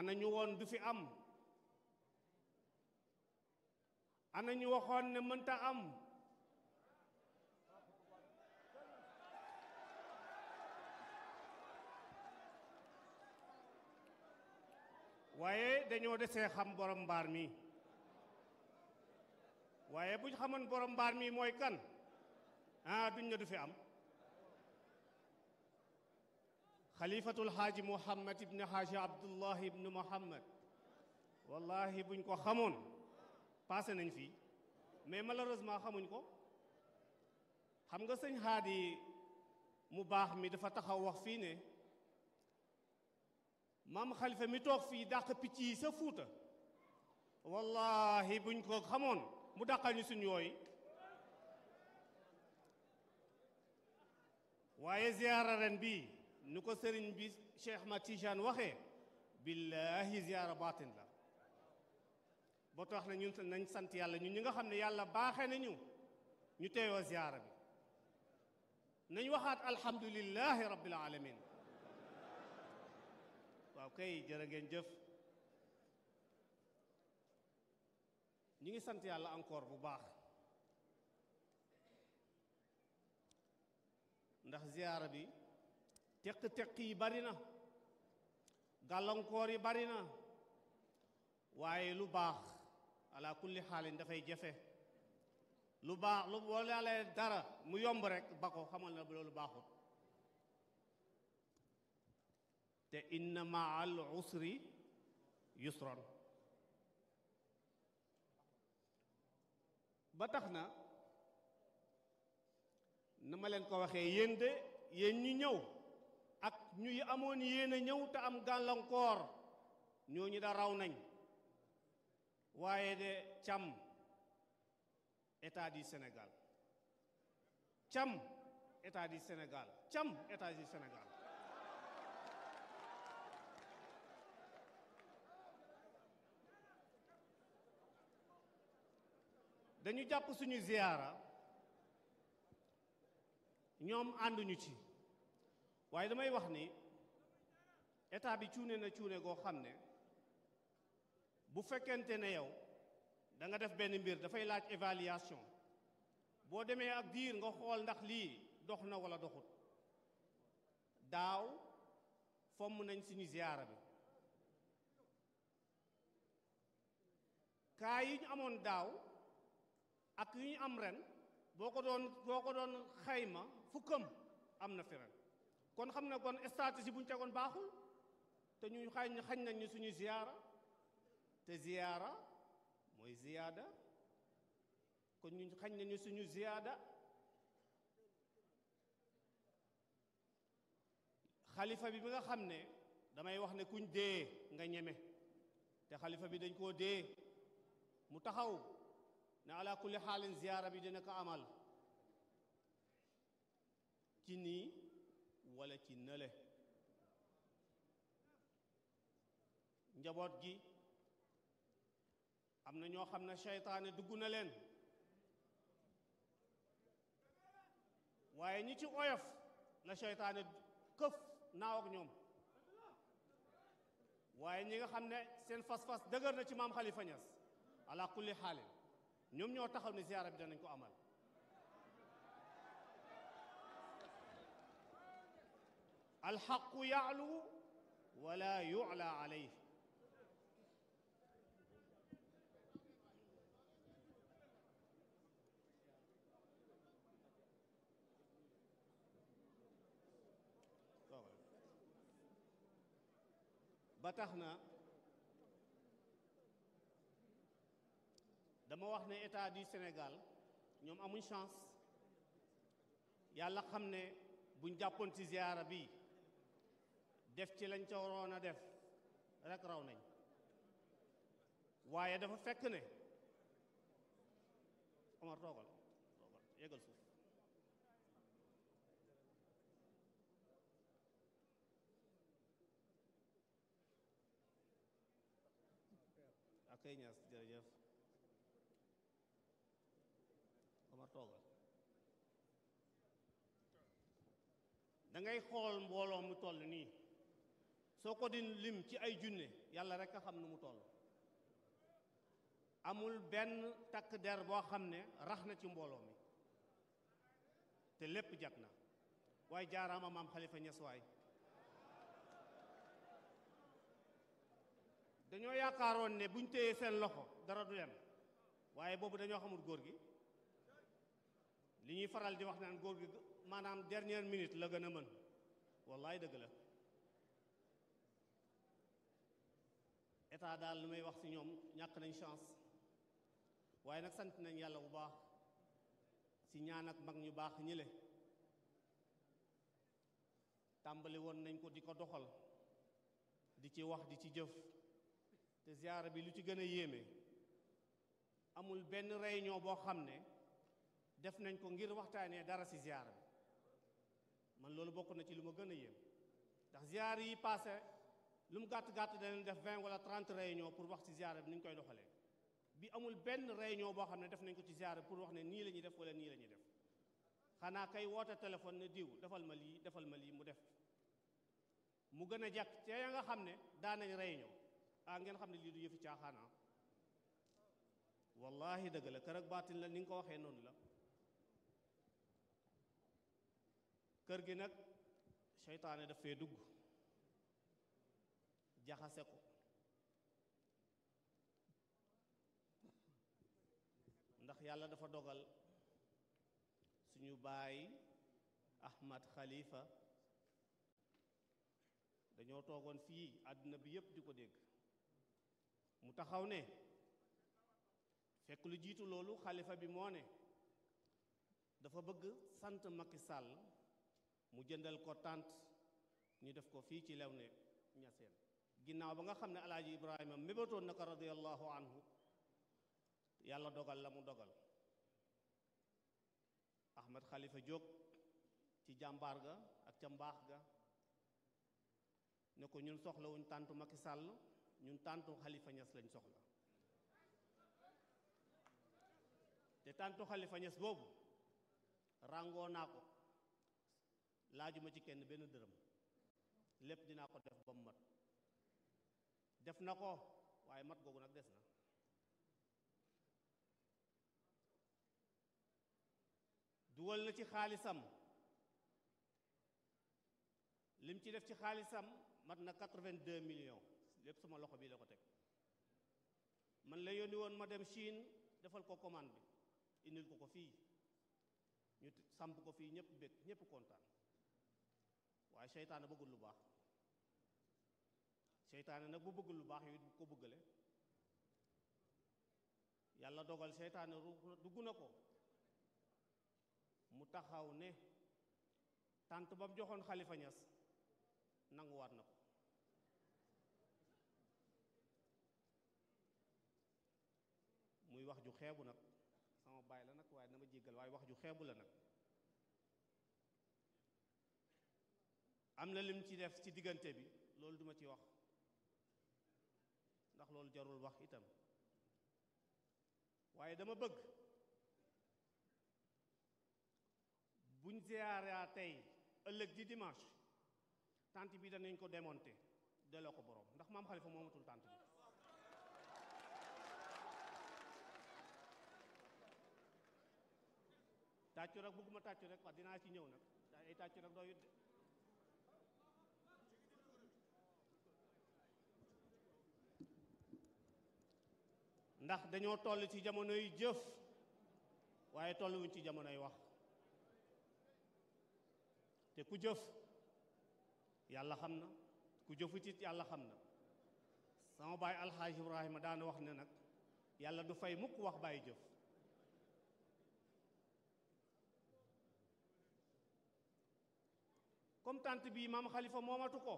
ana ñu woon du fi am ana ñu waxoon ne mënta am waaye dañoo desee xam borom mbaar mi waaye bu ñu xamoon borom mbaar mi mooy kan ah duñ ne du fi am xalifatul xaaji muhammad ibn xaaji abdullah ibn muhammad wallahi buñ ko xamoon passé nañ fii mais malheureusement xamuñ ko xam nga sëñ xaadi mu baax mi dafa taxaw wax fii ne maam xalifa mi toog fii dàq picc yi sa fuuta wallahi buñ ko xamoon mu dàqal ñu suñ yooyu waaye ziyaara ren bii nu ko sëriñ bi Cheikh Ahmad Tijaan waxee billaahi ziyaara baatin la boo tax na ñun nañ sant yàlla ñun ñi nga xam ne yàlla baaxee nañu ñu teewoo ziyaara bi nañ waxaat alhamdulillahi rabbil alamin waaw kay jërë ngeen jëf ñu ngi sant yàlla encore bu baax ndax ziyaara bi teq-teq yi bari na gàllankoor yi bari na waaye lu baax ala kulli xaalin dafay jafe lu baax lu boo laalee dara mu yomb rekk ba ko xamal na bu loolu baaxut te inna maa al usri yusron ba tax na na ma leen ko waxee yéen de yéen ñu ñëw ñuy amoon yéen a ñëw te am gàllankoor ñooñu da raw waaye de cam état du senegal cam état du Sénégal cam état du Sénégal dañu jàpp suñu ziyaara ñoom ànduñu ci waaye damay wax ni état bi cuune na cuune goo xam ne bu fekkente ne yow danga def benn mbir dafay laaj évaluation boo demee ak diir nga xool ndax lii dox na wala doxut daaw fomm nañ suñu ziyaara bi kaa yi ñu amoon daaw ak yu ñu am ren boo ko doon boo ko doon xayma fukkam am na fi ren kon xam ne kon stratégie bu ñu tegoon baaxul te ñu xañ xañ nañ ñu suñu ziyaara te ziyaara mooy ziyaada kon ñu xañ nañu suñu ziyaada xalifa bi bi nga xam ne damay wax ne kuñ dee nga ñeme te xalifa bi dañ koo dee mu taxaw ne ala kulli xaalin ziyaara bi dina ko amal ci nii wala ci nële njaboot gi am na ñoo xam ne seytaane dugg na leen waaye ñi ci oyof la seytaane këf naaw ak ñoom waaye ñi nga xam ne seen fas-fas dëgër na ci maam Khalifa Niass ala kulli xaal ñoom ñoo taxaw ne ziyaara bi danañ ko amal alxaqu yaalu wala yula alayhi ba tax na dama wax ne état du Sénégal ñoom amuñ chance yàlla xam ne buñ jàppoon ci ziyaara bi def ci lañ ca waroon a def rek raw nañ waaye dafa fekk ne Omar toogal toogal yégal jërëjëf Omar toogal da xool mbooloo mu toll nii soo ko din lim ci ay junne yàlla rek a xam nu mu toll amul benn takk der boo xam ne rax na ci mbooloo mi te lépp jag na waaye jaaraama maam xalifa ñes waay dañoo yaakaaroon ne buñ téyee seen loxo dara du dem waaye boobu dañoo xamul góor gi li ñuy faral di wax naan góor gi maanaam dernière minute la gën a mën wallaay dëgg la état daal lu may wax si ñoom ñàkk nañ chance waaye nag sant nañ yàlla bu baax si ñaan ak mag ñu baax ñële tàmbali woon nañ ko di ko doxal di ci wax di ci jëf te ziyaara bi lu ci gën a yéeme amul benn réunion boo xam ne def nañ ko ngir waxtaanee dara si ziyaara bi man loolu bokk na ci lu ma gën a yéem ndax ziyaara yi paase lu mu gàtt-gàtt danañ def vingt wala trente réunion pour wax ci ziara bi ni ñu koy doxalee bi amul benn réunion boo xam ne def nañ ko ci ziara pour wax ne nii la ñuy def wala nii la def xanaa kay woote téléphone ne diw defal ma lii defal ma lii mu def mu gën a jàkk te ya nga xam ne daan nañ réunion ah ngeen xam ne lii du yëfi caaxaana ah. wallahi dëgg la kër ak baatin la ni nga ko waxee noonu la kër gi nag seytaane daf fee dugg jaxase ko ndax yàlla dafa dogal suñu baay Ahmad Khalifa dañoo toogoon fii àddina bi yépp di ko dégg mu taxaw ne fekk lu jiitu loolu xalifa bi moo ne dafa bëgg sant Macky Sall mu jëndal ko tànt ñu def ko fii ci ne Niassène ginnaaw ba nga xam ne alaaji ibrahima mébatoon na ko radiallahu anhu yàlla dogal la mu dogal ahmad xalifa jóg ci jàmbaar ga ak ca mbaax ga ne ko ñun soxlawuñ tàntu Macky sàll ñun tàntu xalifa ñas lañ soxla te tàntu xalifa ñas boobu ràngoo naa ko laajuma ci kenn benn dërëm lépp dinaa ko def ba mat def na ko waaye mat googu nag des na duwal na ci xaalisam lim ci def ci xaalisam mat na 82 millions lépp suma loxo bii la ko teg man la yónni woon ma dem Chine defal ko commande bi indil ko ko fii ñu samp ko fii ñëpp bég ñëpp kontaan waaye seytaane bëggul lu baax seytaane nag bu bëgg lu baax yi du ko bëggale yàlla dogal seytaane dugg na ko mu taxaw ne tànt ba mu joxoon xalifa ñas nanguwaat na ko muy wax ju xeebu nag sama baay la nag waaye dama jéggal waaye wax ju xeebu la nag am na lim ci def ci diggante bi loolu duma ci wax ndax loolu jarul wax itam waaye dama bëgg buñ ziyaara tey ëllëg di dimanche tant bi danañ ko démonté delloo ko boroom ndax maam xalifa moomatul tant bi tàccu rek bëgguma tàccu rek wax dinaa ci ñëw nag ay tàccu rek doo yut de ndax dañoo toll ci jamonoy jëf waaye tolluwuñ ci jamonoy wax te ku jëf yàlla xam na ku jëfu ci yàlla xam na sama baay alxaaji ibrahima daan wax ne nag yàlla du fay mukk wax bàyyi jëf comme tànt bii maam xalifa moomatu ko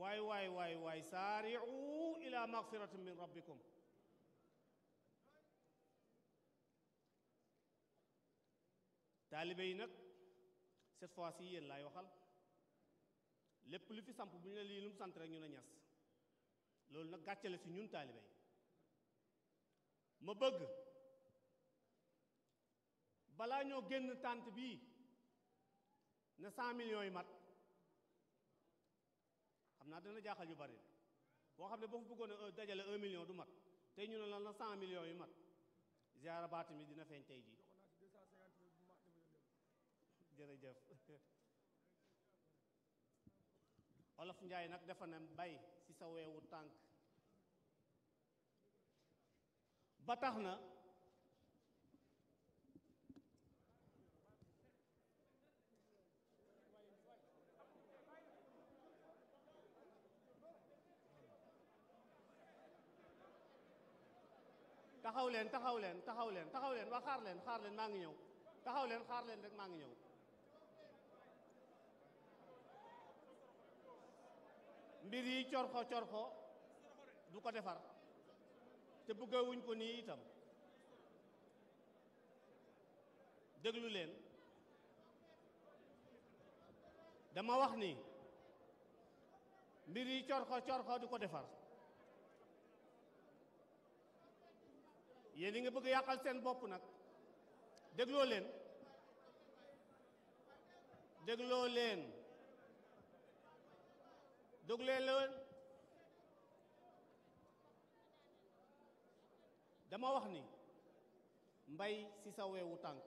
waay waay waay waay saari'u ila magfiratin min rabbikum taalibe yi nag cette si ci yéen laay waxal lépp li fi samp bu ñu ne lii lum sant rek ñu ne ñas loolu nag gàccale si ñun taalibe ma bëgg balaa ñoo génn tànt bii na cent million yi mat xam naa dana jaaxal yu bari boo xam ne boo fa bëggoon a euh, dajale un million du mat tey ñu ne la na cent millions yu mat ziara baatin bi dina feeñ tey jii jërëjëf olof njaay nag dafa ne bay ci sa weewu tànk ba tax na taxaw leen taxaw leen taxaw leen taxaw leen waa xaar leen xaar maa ngi ñëw taxaw leen xaar leen rek maa ngi ñëw mbir yi corxo corxo du ko defar te bëggewuñ ko nii itam déglu leen dama wax ni mbir yi corxo corxo du ko defar yéen yi nga bëgg yàqal seen bopp nag dégloo leen dégloo leen dama wax ni mbay si sa weewu tànk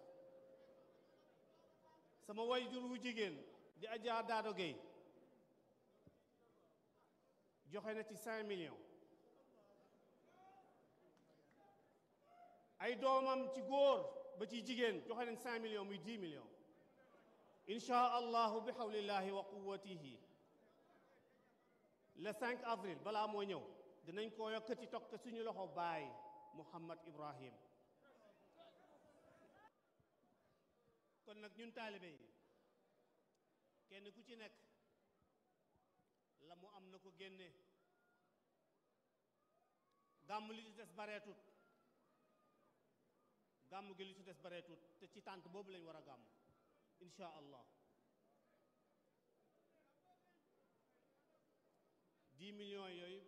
sama wayjur wu jigéen di Adja Daado Gueye joxe na ci cinq millions ay doomam ci góor ba ci jigéen joxe leen 5 millions muy 10 millions inchaa allahu bi hawlillahi wa quwatihi la 5 avril balaa moo ñëw dinañ ko yokkati tokk suñu loxo baay Mouhamad Ibrahim kon nag ñun taalibe yi kenn ku ci nekk la mu am na ko génne gàmm li ci des bareetut gàmm gi li des bareetut te ci tànt boobu lañ war a gàmm incha allah 10 million yooyu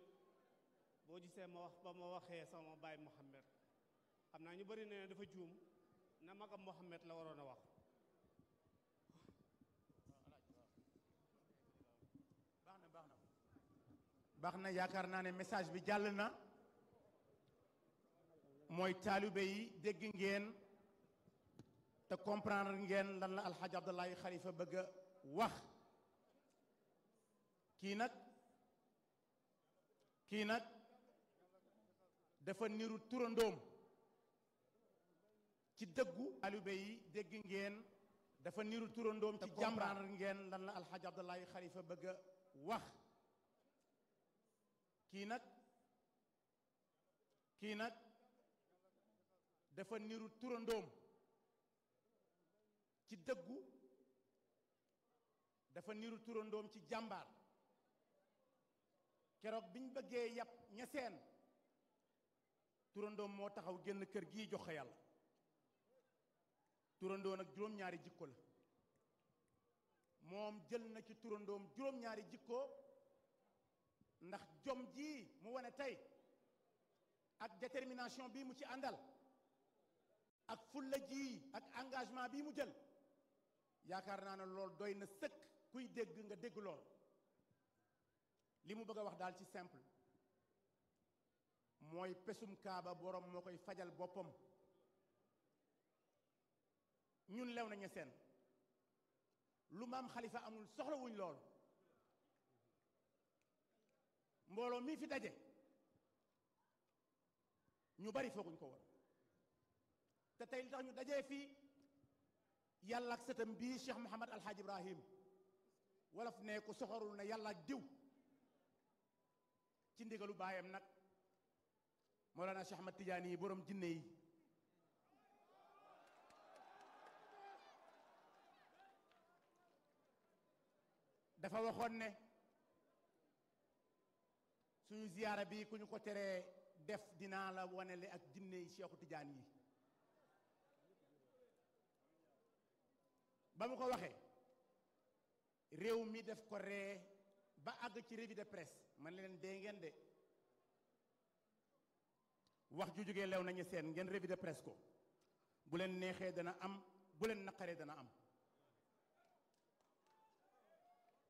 boo gisee ma wax ba ma waxee sama baay Mouhamed xam naa ñu bari nee dafa juum na magam Mouhamed la waroon a wax baax na baax na baax na yaakaar naa ne message bi jàll na mooy taalibe yi dégg ngeen te comprendre ngeen lan la alxaaji Abdoulaye Xalifa bëgg wax kii nag kii nag dafa niru turandoom ci dëggu taalibe yi dégg ngeen dafa niru turandoom ci comprendre ngeen lan la alxaaji Abdoulaye Xalifa bëgg a wax kii nag kii nag dafa niiru turandoom ci dëggu dafa niru turandoom ci jàmbaar keroog biñ bëggee yàpp ña turandoom moo taxaw génn kër gii joxe yàlla turandoo nag juróom-ñaari jikko la moom jël na ci turandoom juróom-ñaari jikko ndax jom ji mu wane tey ak détermination bii mu ci àndal ak fulla ji ak engagement bii mu jël yaakaar naa ne loolu doy na sëkk kuy dégg nga dégg lool li mu bëgg a wax daal ci simple mooy pesum kaaba borom moo koy fajal boppam ñun lew nañu seen lu maam xalifa amul soxlawuñ lool mbooloo mii fi daje ñu bari fooguñ ko won te tey li tax ñu dajee fii yàlla ak sëtam bii Cheikh Mouhamad Alhaaj Ibrahim wolof ne ku soxorul ne yàlla ak diw ci ndigalu baayam nag Mawlana Cheikh Ahmad tijaan yi borom jinne yi dafa waxoon ne suñu ziyaara bi ku ñu ko teree def dinaa la wanele ak jinne yi Cheikhu Tidiane yi ba mu ko waxee réew mi def ko ree ba àgg ci revue de presse man leen dee ngeen de wax ju jógee lew nañu seen ngeen revue de presse ko bu leen neexee dana am bu leen naqaree dana am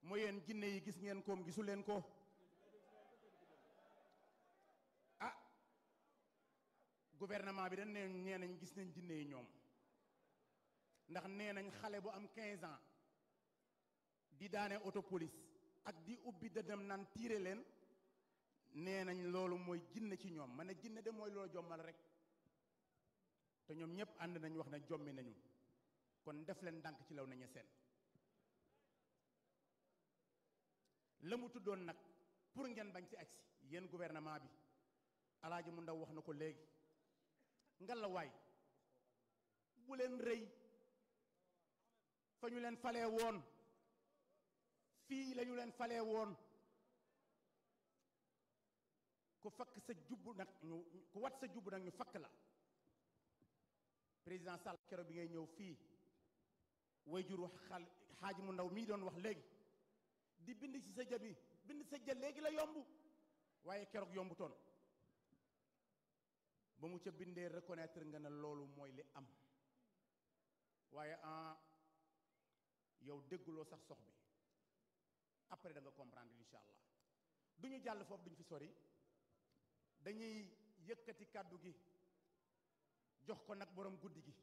mu yéen jinne yi gis ngeen koom gisu leen ko a ah, gouvernement bi dañ ne nee gis nañ jinne yi ñoom ndax nee nañ xale bu am 15 ans di daanee auto police ak di ubbi dem naan tiire leen nee nañ loolu mooy jinne ci ñoom ma na jinne de mooy loolu jommal rek te ñoom ñëpp ànd nañ wax na jommi nañu kon def leen ndànk ci law nañu seen la doon nag pour ngeen bañ ci agsi yéen gouvernement bi alaaji mu ndaw wax na ko léegi ngalla bu leen rëy fa ñu leen falee woon fii lañu leen falee woon ku fakk sa jubb nag ñu sa jubb nag ñu fakk la président Sall kero bi ngay ñëw fii way juru xal xaaj mu ndaw mii doon wax léegi di bind ci sa jabi bind sa ja léegi la yomb waaye keroog yombutoon ba mu ca bindee reconnaître nga ne loolu mooy li am waaye en yow dégguloo sax sox bi après da nga comprendre incha allah du ñu jàll foofu duñu fi sori dañuy yëkkati kàddu gi jox ko nag borom guddi gi